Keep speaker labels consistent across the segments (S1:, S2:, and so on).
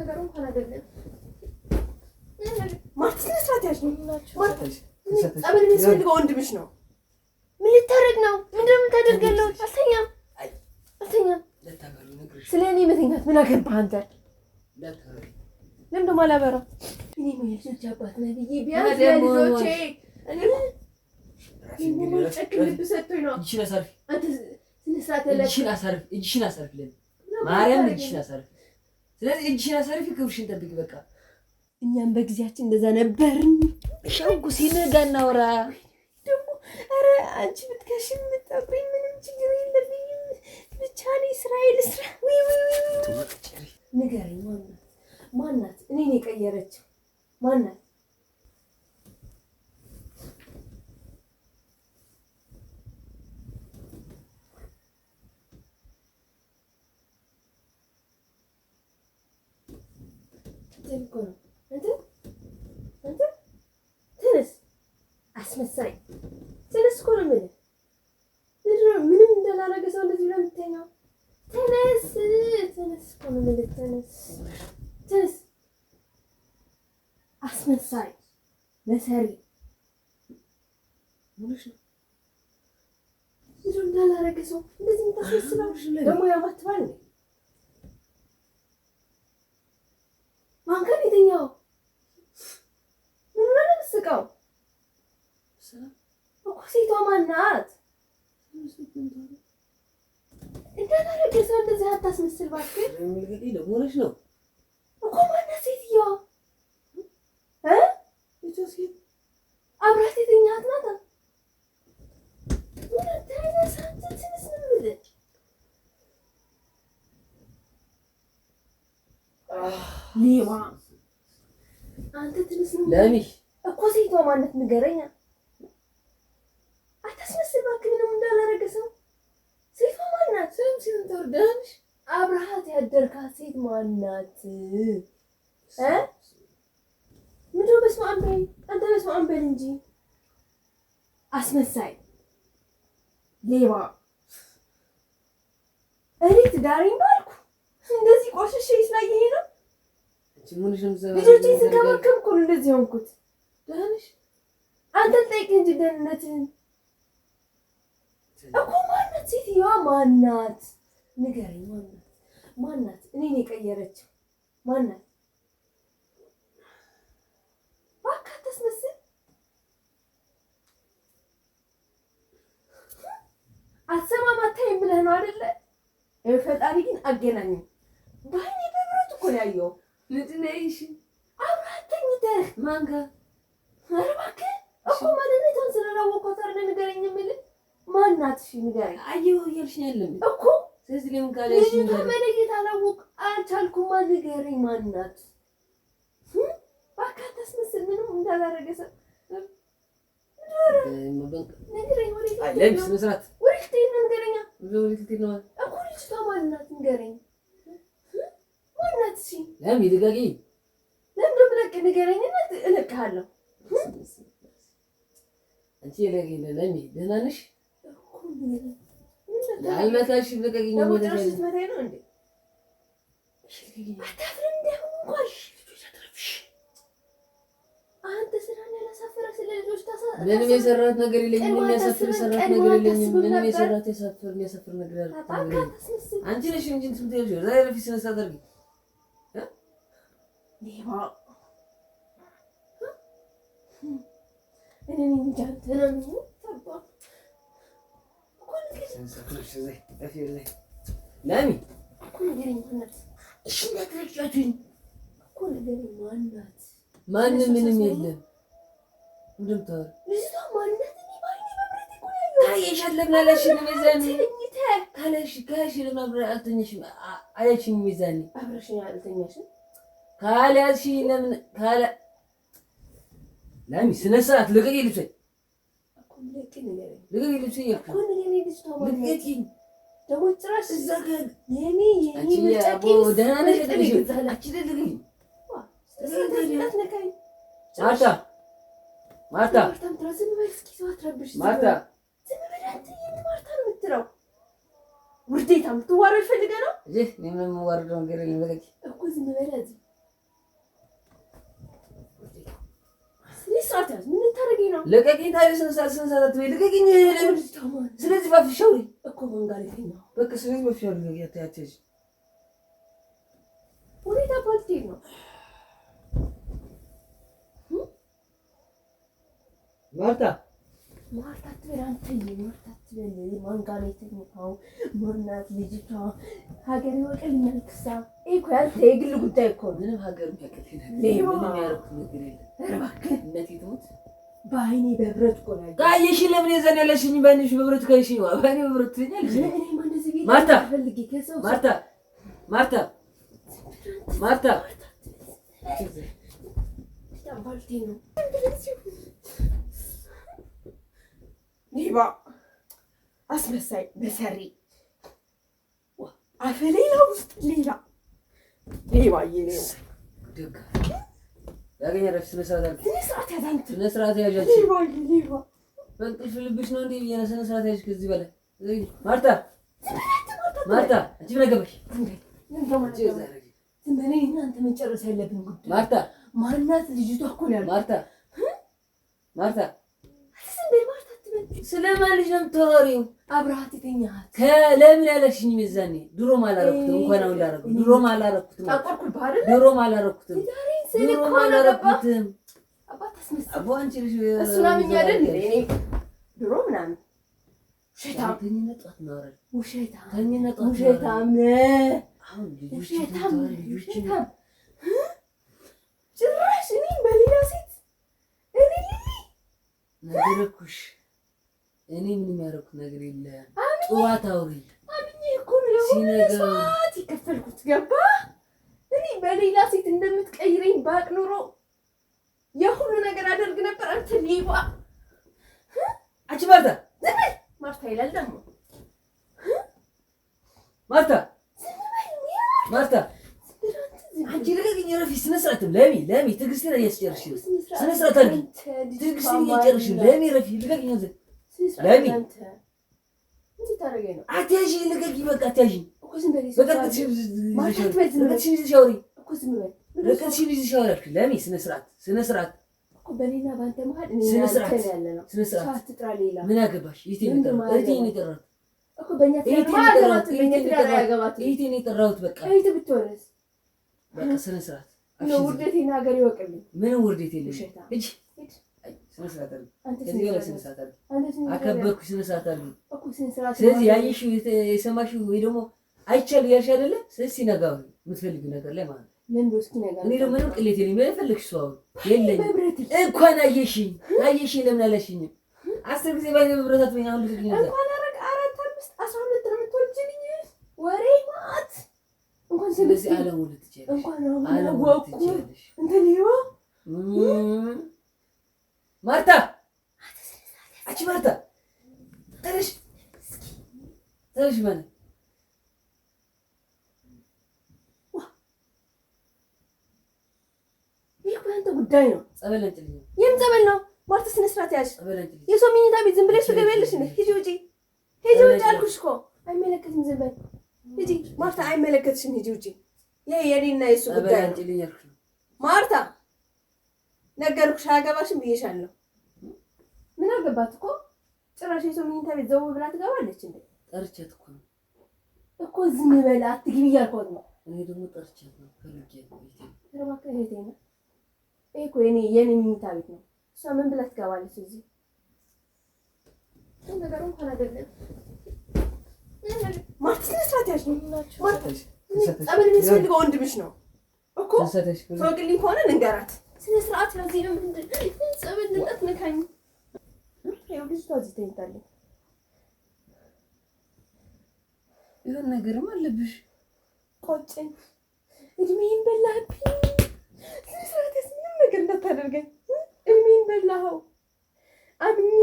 S1: ነገር እንኳን አይደለም። ማርቲ ስነ ስርዓት ያዥ ነው። ጸበል የሚያስፈልገው ወንድምሽ ነው። ምን ልታደርግ ነው? ምንድነው አልተኛም አልተኛም። ስለ እኔ መተኛት ምን አገባህ አንተ? ለምን ደሞ አላበራም? እኔ ልጆች አባት ነህ ብዬ ቢያንስ ለልጆቼ
S2: ማርያም እጅሽን አሳርፍ ስለዚህ እጅሽን አሳርፊ፣ ክብርሽን ጠብቂ። በቃ
S1: እኛም በጊዜያችን እንደዛ ነበርን። ሸንኩ ሲነጋ እናውራ ደግሞ። ኧረ አንቺ ብትከሽ የምጠብኝ ምንም ችግር የለብኝም። ብቻ እኔ እስራኤል ስራ ንገረኝ። ማናት? ማናት? እኔን የቀየረችው ማናት? እያስቆጠኝ እኮ ነው። እንትን እንትን ተነስ፣ አስመሳይ ተነስ እኮ ነው የምልህ። ምንም እንዳላረገ ሰው እንደዚህ ብለህ የምትተኛው ተነስ፣ ተነስ እኮ ነው የምልህ። ተነስ፣ ተነስ፣ አስመሳይ መሰሪ ሙሉሽ ነው እንዳላረገ ሰው እንደዚህ የምታስመስለው ደግሞ ያማትባል ነው ማንከን የትኛው ምን ነው የምትስቀው? እኮ ሴቷ ማናት? እንዳላረገዘ እንደዚህ አታስመስል እባክህ። ነው እኮ ማናት ሴትዮዋ? አብራት የተኛት ናት። ሌባ አንተ ትንሽ ነው እኮ ሴቷ ማለት ንገረኛ። አታስመስል እባክህ፣ ምንም እንዳላረገ ሰው። ሴቷ ማናት? ስም ሲሆን ተወርዳለሽ። አብረሃት ያደርካት ሴት ማናት? እ በስመ አብ አንተ፣ በስመ አብ በል እንጂ አስመሳይ፣ ሌባ። እኔ ትዳሬን ባልኩ እንደዚህ ቆሽሽ ስላየኸኝ ነው ልጆችን ስንከባከብ እኮ እንደዚህ ሆንኩት። ደህና ነሽ? አንተን ጠይቅ እንጂ እኮ። ማናት? ሴትዮዋ ማናት? ንገረኝ። ማናት? ማናት? እኔን የቀየረችው ማናት? ነው አይደለ? ፈጣሪ ግን በብረት እኮ ነው ልጅ ነሽ ተኝተህ ማን ጋር? ኧረ እባክህ እኮ ማንነቷን ስለላወቅኳት አይደል ንገረኝ የምልህ ማን እሺ ንገረኝ። አየሁ እያልሽ ነው ያለው እኮ ስለዚህ ለምን ጋር ያልሽ መለየት አላወቅ አልቻልኩም። ንገረኝ፣ ማን እባክህ አታስመስል፣ ምንም እንዳላረገ ሰው ንገረኝ። ወዴት ልትሄድ ነው? ንገረኝ። እሺ። ለምን ይልቀቂ? ለምን ብለቅ ንገረኝ፣ እለቅሃለሁ። አንቺ ይልቀቂ። ለምን ደህና ነሽ? አልመታሽም። ልቀቂ። ምንም የሰራት ነገር የለኝም። የሚያሳፍር የሰራት ነገር የለኝም። ምንም የሰራት የሳፍር የሚያሳፍር ነገር አንቺ ነሽ እንጂ ማንም ምንም የለም። እንደምታወራ አለችኝ። ሚዛኔ አብረሽኝ አልተኛሽም ካለያልሽ ለምን ካለ ላሚ ስነ ስርዓት ልቀቂ ልብሰኝ ልቀቂ ልብሰኝ ማርታ ውርዴታ የምትዋረድ ፈልገህ ነው? ምንም የምዋረደው ነገር የለም። ልቀቂ እኮ ዝም በል ልቀቂኝ ታዲያ ስንት ሰዓት ስንት ሰዓት አትበይ ስለዚህ ነው ማርታ ማርታት አንተ ማርታት ማንጋቤት ነው ሞርናት ልጅቷ ሀገር ወቅል መልክሳ እኮ ያንተ የግል ጉዳይ እኮ ምንም ሀገር በአይኔ በብረት ቆና ጋየሽ ለምን የዘን ያለሽኝ በአይንሽ በብረት ከሽ በአይኔ በብረት ትኛለሽ። ማርታ ማርታ ማርታ ማርታ ሌባ፣ አስመሳይ፣ መሰሪ አፈ ሌላ ውስጥ ሌላ ሌባ ይኔው ያገኛለሁ ስነስርዓት ያዛንት ስነስርዓት በእንቅልፍ ልብሽ ነው እንዴ? የነሰነ ስርዓት ያዥ ከዚህ በላይ ማርታ ማርታ፣ አንቺ ምን አገባሽ? እንደኔ እናንተ መጨረስ ያለብን ጉዳይ ማርታ፣ ማናት ልጅቷ እኮ ነው ያልኩት ማርታ ማርታ ስለማን ልጅ ነው የምታወሪው? አብረሃት የተኛት ከለምን ያለሽኝ ሚዛኔ ድሮም አላረኩትም። እንኳን አሁን ላረኩት ድሮም አላረኩትም። ድሮም አላረኩትም። ድሮም አላረኩትም። አቦ ልጅ እሱን አምኜ አይደል ድሮ ምናምን ጭራሽ እኔ በሌላ ሴት እኔ ነገረኩሽ እኔ ምንም ያደረኩት ነገር የለ። ጠዋት አውሪ ሲነጋት የከፈልኩት ገባ። እኔ በሌላ ሴት እንደምትቀይረኝ ባቅ ኖሮ የሁሉ ነገር አደርግ ነበር። አንተ ሌባ አንቺ ማርታ ማርታ ይላል ደግሞ ማርታ ማርታ አንቺ ልቀቅኝ፣ እረፊ። ስነ ስርዓት ለሚ ለሚ ትዕግስቴን እያስጨርሽ ስነ ስርዓት ትዕግስቴን እያስጨርሽ ለሚ እረፊ፣ ልቀቅኝ ለእኔ አትያዥኝ፣ ልቀቂኝ፣ በቃ አትያዥኝ። ርቀትሽን ይዘሽ አውሪ፣ ርቀትሽን ስነ ስርዓት ስነ ስርዓት በሌላ በአንተ መሀል ስነ ስርዓት ምን አገባሽ? እህቴን የጠራሁት እህቴን የጠራሁት በቃ በቃ ስነ ስርዓት። ውርደቴን ሀገር ይወቅልኝ። ምንም ውርደት የለኝም። ስነ ስርዓት አሉ። ከዚህ በላይ ስነ ስርዓት አሉ። ስለዚህ ያየሽው የሰማሽው ወይ ደግሞ አይቻሉ ያልሽ አይደለ? ስለዚህ ሲነጋ የምትፈልጊው ነገር ላይ ማለት ነው። እኔ ደግሞ ምንም ቅሌት የለኝም። የፈለግሽ ሰው የለኝም። እንኳን አየሽኝ አየሽኝ ለምን አላሽኝም? አስር ጊዜ ባይ በብረታት ወይ አሁን ልትልኝ ነበር። አራት አምስት አስራ ሁለት ነው የምትወልጂልኝ ወሬ ማት እንኳን ስለዚህ አለሙልት ይችላል እንኳን አለሙልት ይችላል እንትን ይኸው ማርታ፣ አንቺ ማርታ ተነሽ፣ ተነሽ ማለት አንተ ጉዳይ ነው። ጸበል አንቺ ይህም ጸበል ነው። ማርታ ስነ ስርዓት ያልሽ የሰው መኝታ ቤት ዝም ብለሽ ትገቢያለሽ። ሂጂ ውጪ፣ ሂጂ ውጪ አልኩሽ እኮ አይመለከትም። ዝም በል ሂጂ ማርታ፣ አይመለከትሽም። ሂጂ ውጪ። ይሄ የኔና የሱ ጉዳይ ነው። ማርታ ነገርኩሽ፣ አያገባሽም ብዬሻለሁ። ምን አገባት እኮ ጭራሽ የሰው መኝታ ቤት ዘው ብላ ትገባለች እንዴ? ጠርቼት እኮ ነው እኮ ዝም በል አትግቢ እያልኳት ነው። እኔ ደግሞ ጠርቼት ነው ከልጅ እባክህ እህቴ ነው ይሄ እኮ የኔ የኔ መኝታ ቤት ነው። እሷ ምን ብላ ትገባለች እዚህ? ነገሩ እንኳን አይደለም ማርቲስ መስራት ያሽ ማርቲስ ጸበል የሚያስፈልገው ወንድምሽ ነው እኮ ተወግልኝ ከሆነ ንገራት ስነ ስርዓት ምንድን ጸበል ንቀት ነካኝ ልጅቷ እዚህ ተኝታለች። ይሁን ነገርም አለብሽ። ቆጭን እድሜን በላህብኝ። ስራቴስ ምንም ነገር እንዳታደርገኝ። እድሜን በላኸው። አምኜ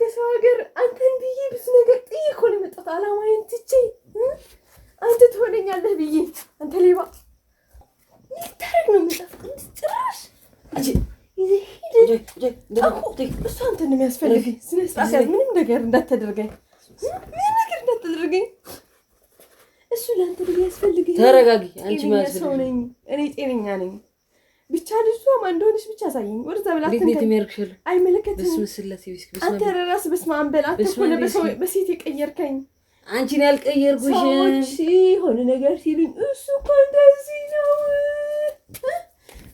S1: ከሰው ሀገር አንተን ብዬ ብዙ ነገር ጥዬ እኮ ነው የመጣሁት። አላማዬን ትቼ አንተ ትሆነኛለህ ብዬ ነው የሚያስፈልገኝ። ስነ ስርዓት ምንም ነገር እንዳታደርገኝ፣ ምንም ነገር እንዳታደርገኝ። እሱ ለአንተ ብዬ ያስፈልገኝ። ተረጋጊ። አንቺ ሰው ነኝ እኔ ጤነኛ ነኝ። ብቻ ልጅቷ ማን እንደሆነች ብቻ አሳየኝ። ወደዛ ብላ አይመለከትም። አንተ ራስህ በስመ አብ በል። እኮ ነው በሴት የቀየርከኝ። አንቺን ያልቀየርኩሽ ሰዎች የሆነ ነገር ሲሉኝ እሱ እኮ እንደዚህ ነው፣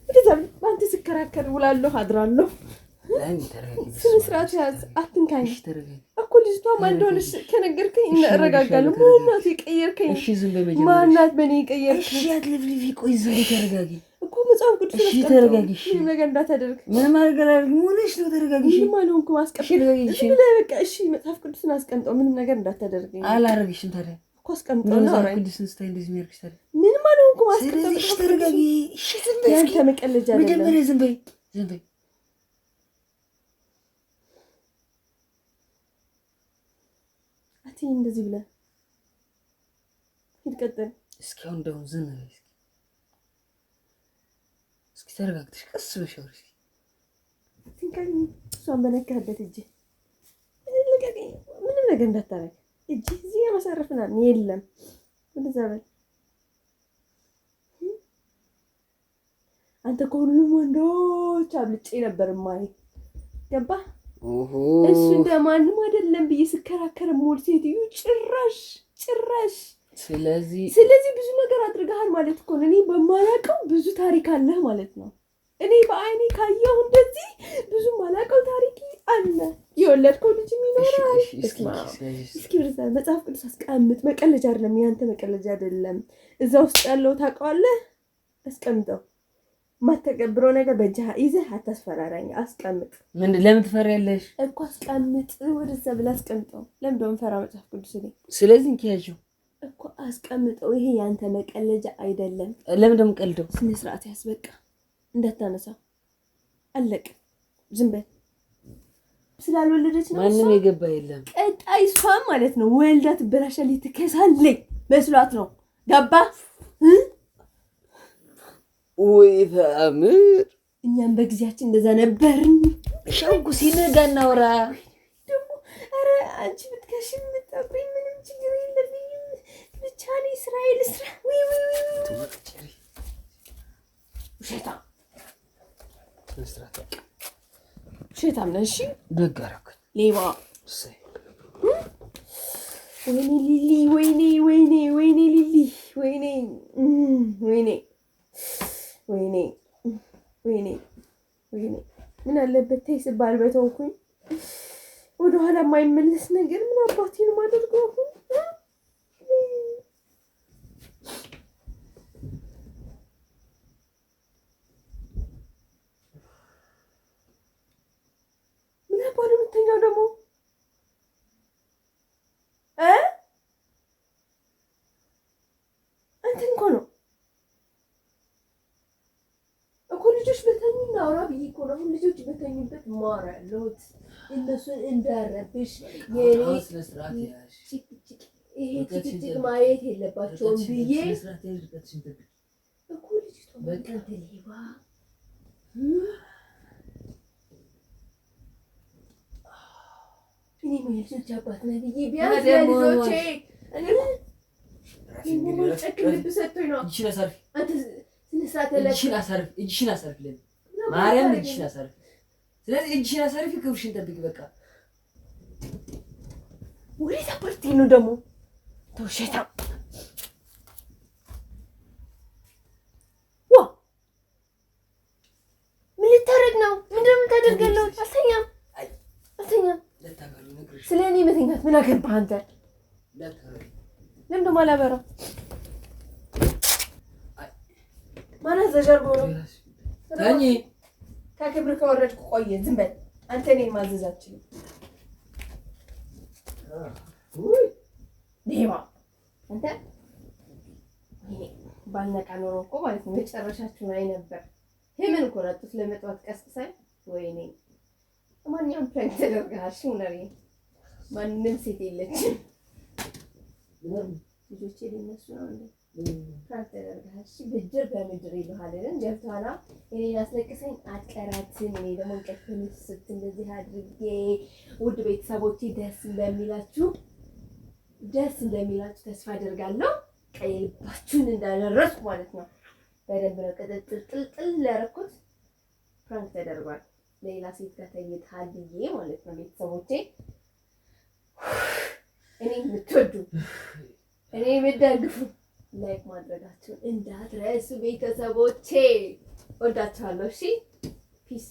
S1: ወደዛ በአንተ ስከራከር ውላለሁ አድራለሁ ስነስርዓት ያዝ፣ አትንካኝ እኮ ልጅቷ ማን እንደሆነች ከነገርከኝ እናረጋጋለን። ማናት የቀየርከኝ? ማናት በእኔ የቀየርከኝ? እኮ መጽሐፍ ቅዱስ ምንም ነገር እንዳታደርግ። ምንም መጽሐፍ ቅዱስን አስቀምጠው፣ ምንም ነገር እንዳታደርግ። አላረግሽም ታዲያ እኮ አስቀምጠው። ምንም አልሆንኩም። አስቀምጠው። ያንተ መቀለጃ አይደለም። ዝም በይ አትይኝ እንደዚህ ብለህ ሂድ፣ ቀጥል። እስኪ አሁን እንደውም ዝም በይ እስኪ እስኪ ተረጋግተሽ ቀስ ብለሽ አውሪ እስኪ። ትንካኝ እሷን በነካህበት እጅ ምንም ነገር እንዳታረግ እጅ እዚህ የማሳረፍናል የለም እንደዛ በል አንተ ከሁሉም ወንዶች አብልጬ ነበር ማይ ገባ እሱ እንደማንም አይደለም ብዬ ስከራከር ሞል ሴትዮ ጭራሽ ጭራሽ ስለዚህ ስለዚህ ብዙ ነገር አድርገሃል ማለት እኮ ነው። እኔ በማላውቀው ብዙ ታሪክ አለህ ማለት ነው። እኔ በአይኔ ካየው እንደዚህ ብዙ ማላውቀው ታሪክ አለ። የወለድከው ልጅ ይኖራል። እስኪ ብርዛ መጽሐፍ ቅዱስ አስቀምጥ። መቀለጃ አይደለም፣ ያንተ መቀለጃ አይደለም። እዛ ውስጥ ያለው ታውቀዋለህ። አስቀምጠው ማተገብረው ነገር በእጅ ይዘህ አታስፈራራኝ። አስቀምጥ። ለምን ትፈሪያለሽ እኮ? አስቀምጥ ወደዛ ብላ አስቀምጠው። ለምደውም ፈራ መጽሐፍ ቅዱስ ላይ ስለዚህ እንኪያዥው እኮ አስቀምጠው። ይሄ ያንተ መቀለጃ አይደለም። ለምን ደም ቀልደው? ስነ ስርዓት ያዝ። በቃ እንዳታነሳ አለቅ። ዝም በል። ስላልወለደች ነው ማንም የገባ የለም። ቀጣይ እሷም ማለት ነው ወልዳ ትበላሻለች፣ ትከሳለች። መስሏት ነው ገባ ወይ ተአምር! እኛም በጊዜያችን እንደዛ ነበርን። ሸጉ ሲነጋ እናውራ ደግሞ። ኧረ አንቺ ብትከሽ የምጠቁኝ ምንም ችግር የለብኝም። ብቻ እኔ ስራ ልስራ። ውሸታም ነህ። እሺ ሌባ ወይኔ ሊሊ፣ ወይኔ ወይኔ ወይኔ ሊሊ፣ ወይኔ ወይኔ ወይኔ ወይኔ ወይኔ ምን አለበት ተይ ስባል በተውኩኝ። ወደኋላ የማይመለስ ነገር ምን አባቴን ነው የማደርገው? ምን አባቱ የምተኛው ደግሞ እንትን እኮ ነው ልጆች በተኙ እናውራ ብዬሽ እኮ ነው። አሁን ልጆች በተኙበት ማር ያለሁት እነሱን እንዳረብሽ ይሄ ጭቅጭቅ ማየት የለባቸውም ብዬ እኮ ልጅቷ በቀንትሌባ እኔ የልጆች አባት ነኝ ብዬ ቢያንስ ለልጆቼ ጨክልብ ሰጥቶኝ ነው እጅሽን አሳርፍልን፣ ማርያም እጅሽን አሳርፍ። ስለዚህ እጅሽን አሳርፊ፣ ክብርሽን ጠብቂ። በቃ ወይዛ ፓርቲ ነው ደግሞ ተውሸታ ዋ ምን ልታረግ ነው? ምንድን ነው የምታደርገለው? አልተኛም አልተኛም። ስለ እኔ መተኛት ምን አገባህ አንተ? ለምን ደሞ አላበራም ዘጀርቦ ነው። ከክብር ከወረድኩ ቆየ። ዝም በል አንተ። እኔን ማዘዝ አትችልም። ማ አንተ ባልነቃ ኖሮ እኮ ማለት ነው መጨረሻችሁን አይ ነበር። ምን እኮ ነው ጡት ለመጥባት ቀስቅሳኝ። ወይኔ ማንኛውም ፕራንክ ተደርገሃል። ሽሙነሪ ማንም ሴት የለችም። ልጆቼ ሊነሱ ነው እንዴ? ብድር በምድር ይልሃልን ገብቷላ። እኔ አስለቅሰኝ አትቀራትም። እኔ ደግሞ እንቀጥል ስት እንደዚህ አድርጌ ውድ ቤተሰቦች ደስ እንደሚላችሁ ደስ እንደሚላችሁ ተስፋ አደርጋለሁ። ቀይ ልባችሁን እንዳደረሱ ማለት ነው። በደንብ ነው ቅጥጥልጥልጥል ሊያረኩት ፍራንክ ተደርጓል። ሌላ ሴት ከተኝታል ብዬ ማለት ነው። ቤተሰቦቼ እኔ የምትወዱ እኔ የምትደግፉ ላይክ ማድረጋችሁን እንዳትረሱ ቤተሰቦቼ፣ ወዳችኋለሁ። እሺ ፒስ